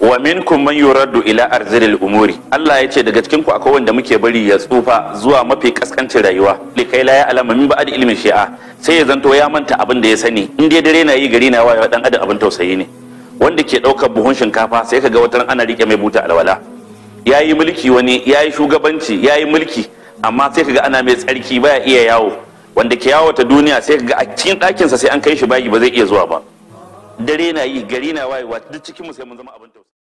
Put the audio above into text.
wa minkum man yuraddu ila arzilil umuri Allah ya ce daga cikin ku akwai wanda muke bari ya tsufa zuwa mafi kaskancin rayuwa li kai la ya alama min ba'd ilmin shi'a sai ya zanto ya manta abin da ya sani in dai dare na yi gari na wa dan adam abin tausayi ne wanda ke daukar buhun shinkafa sai kaga wata ana rike mai buta alwala yayi mulki wani yayi shugabanci yayi mulki amma sai kaga ana mai tsarki baya iya yawo wanda ke yawo ta duniya sai kaga a cikin ɗakinsa sai an kai shi bayi ba zai iya zuwa ba dare na yi gari na wayewa duk cikin mu sai mun zama abin tausayi